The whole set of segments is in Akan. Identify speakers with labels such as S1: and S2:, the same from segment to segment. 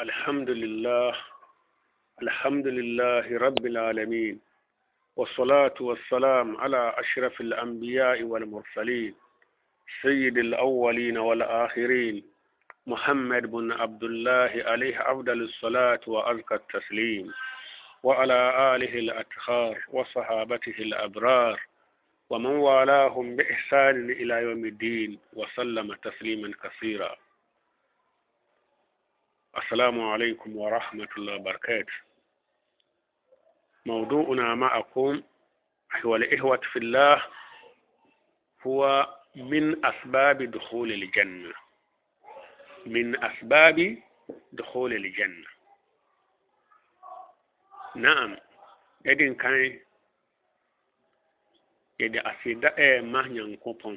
S1: الحمد لله الحمد لله رب العالمين والصلاة والسلام على أشرف الأنبياء والمرسلين سيد الأولين والآخرين محمد بن عبد الله عليه أفضل الصلاة وأزكى التسليم وعلى آله الأتخار وصحابته الأبرار ومن والاهم بإحسان إلى يوم الدين وسلم تسليما كثيرا السلام عليكم ورحمة الله وبركاته موضوعنا معكم هو الإخوة في الله هو من أسباب دخول الجنة من أسباب دخول الجنة نعم إذن كان yɛde aseda إيه ما nyankopɔn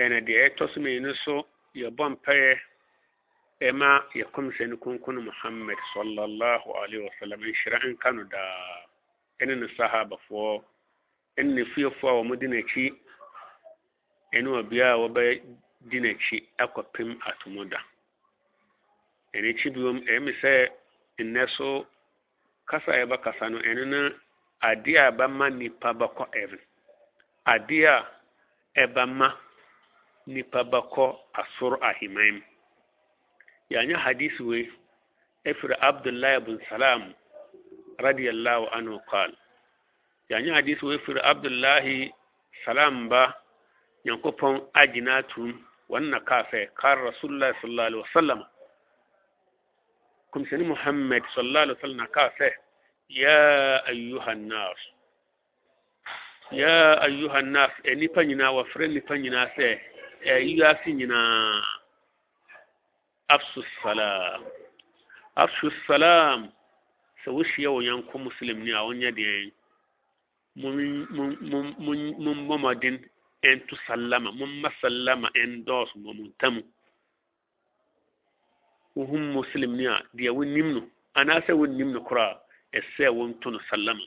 S1: أنا دي ɛtɔ إيه so yɛbɔ mpaeɛ ɛma yɛkɔmhyɛne kronkron muhammad sallallahu alaihi wasallam nhyira nka no daa ɛne ne sahabafoɔ ɛne ne fiefoɔ a wɔmode n'akyi ɛne ɔbea a wɔbɛdi n'akyi akɔpem atomo da ɛne akyi biom ɛmi sɛ nnɛ so kasa a yɛbɛkasa no ɛno ne adeɛ a ɛbɛma nnipa bɛkɔ ɛve adeɛ a ɛbɛma nipa bɛkɔ asoro aheman mu yɛanyɛ hadisi wei ɛfiri abdullahi bin salam radiyallahu anhu qal yɛanyɛ hadisi wei firi abdullahi salam ba nyankopɔn agyina atum wannan kafe kar rasulullahi sallallahu alaihi wasallam kumsani muhammad sallallahu alaihi wasallam kafe ya ayyuhan nas ya ayyuhan nas e nipa nyina wa frɛ nipa nyina sɛ URC nyinaa afsusalam afsusalam sɛ wohyia wɔ yɛnkɔ muslimni a wonyɛ deɛn mommɔmɔden ɛnto sallama momma sallama ɛndɔɔso wɔ mo ntamu wohum muslimni a deɛ wonnim no anaasɛ wonnim no koraa ɛsɛ wonto no sallama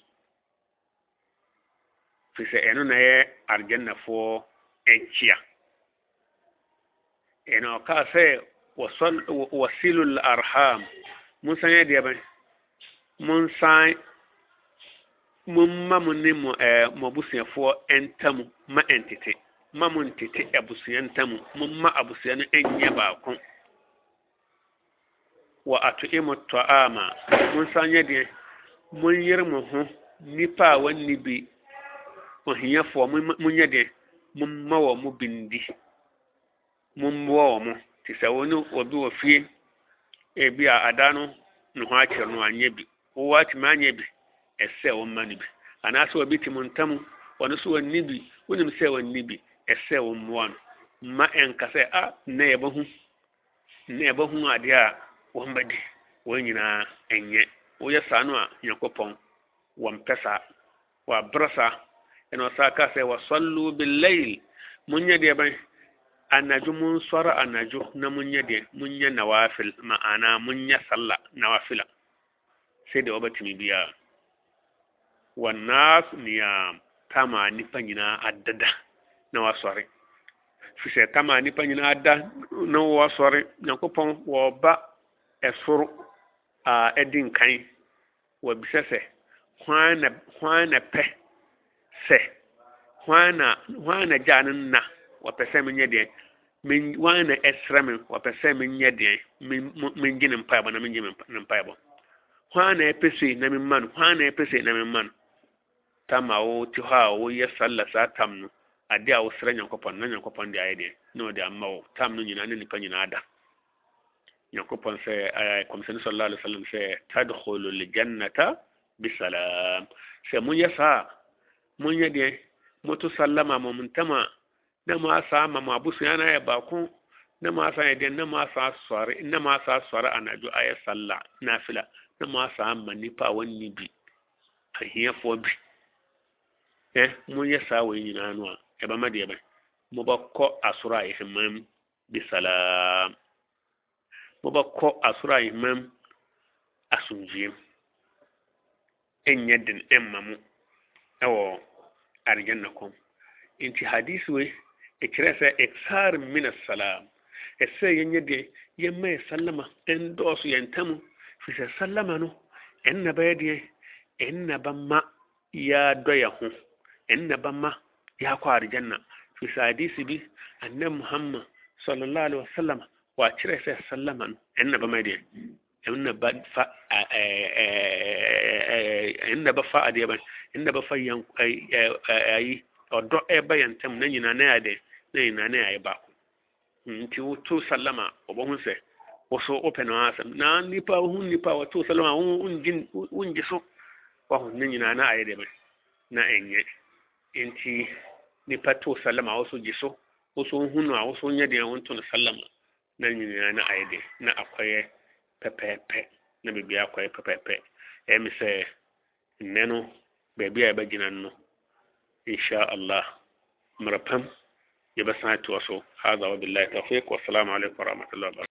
S1: firi sɛ ɛno na ɛyɛ argyannafoɔ ɛnkyea ina ka fe wasilul arham mun san yadda ya bane mun san mun mamu ne mu abusuyafoɔ ntamu ma ntete mamu ntete abusua ntamu mun ma abusua no nyɛ baako wɔ ato imu tɔ'ama mun san yɛ deɛ mun yere mu ho nipa a wɔnni bi ohiafoɔ mun yɛ deɛ mun ma wɔn mu bindi mummuwa mu ti sɛ wani obi wɔ fie ebi a ada no ne ho akyerɛ no anyɛ bi wowɔ atumi anyɛ bi ɛsɛ wɔmma no bi anaasɛ obi te mu ntam ɔno nso wɔnni bi wonim sɛ wɔnni bi ɛsɛ wɔmmoa no mma ɛnka sɛ a nnɛ yɛbɛhu nnɛ yɛbɛhu adeɛ a wɔmmɛdi wɔn nyinaa ɛnyɛ woyɛ saa no a nyankopɔn wɔmpɛ saa wɔabrɛ saa ɛna ɔsaa ka sɛ wasɔllo bilail monyɛ deɛ bɛn annaju mun sora annaju na mun yade mun ya nawafil ma'ana mun ya salla nawafila sai da wabati mi biya wannan niya tama ni panyina addada na wasore fisɛ tama nipa nyinaa da na wɔ sɔre nyankopɔn wɔba ɛsoro a ɛdi nkan wɔbisɛ sɛ hwan na hwan na pɛ sɛ hwan na hwan na gyaa ne na wɔpɛ sɛ menyɛ deɛ wɔn na ɛsrɛ me wɔpɛ sɛ menyɛ deɛ mengye ne mpaebɔ na mengye ne mpaebɔ hwan na ɛpɛ sei na mema no hwan na ɛpɛ sei na mema no tam a wɔte hɔ a wɔyɛ salla saa tam no adeɛ a wɔsrɛ nyankopɔn na nyankopɔn de ayɛ deɛ na wɔde ama wo tam no nyinaa ne nipa nyinaa da nyankopɔn sɛ kɔmsɛne sala alai salam sɛ tadkhulu ljannata bisalam sɛ monyɛ saa monyɛ deɛ moto sallama mɔmntama na mu asa ama mu abusua na yɛ baako na mu asa yɛ den na mu asa asɔre na mu asa asɔre anadwo ayɛ salla nafila na mu asa ama nipa a wɔnni bi ahiafoɔ bi ɛ mu yɛ saa wɔn nyinaa no a ɛbɛma deɛ bɛ mu bɛkɔ asoro a yɛhemam bi salaam mu bɛkɔ asoro a yɛhemam asomdwiem ɛnyɛ den ɛmma mu ɛwɔ arigyɛn na kɔm nti hadisi wei ikirasa iksar min salam ese yenye de yemme sallama en dosu yentamu fi sallama no en na bayde en na bamma ya doya hu en na bamma ya kwari janna fi hadisi bi annabi muhammad sallallahu alaihi wasallam wa kirasa sallama no en na bamma de en na ba fa en na ba fa ade ba en na ba fa yan ayi odo e bayan tam na nyina na ya de na nane ayɛ baako hmm, nti woto salama ɔbɛhu sɛ wo so wopɛ no asɛm na nipa hu nipa wɔto salama wongye so wahu ne nyinaa na ayɛ dɛmɛ na ɛnyɛ nti nipa to salama wo so gye so wo so hu no a wo so nyɛ deɛ wonto no salama na nyinaa na ayɛ dɛ na akɔyɛ pɛpɛɛpɛ na biribi akɔyɛ pɛpɛɛpɛ ɛmi sɛ nnɛ no baabi a yɛbɛgyina no insha allah mmerɛ يبسنا توسو هذا وبالله التوفيق والسلام عليكم ورحمة الله وبركاته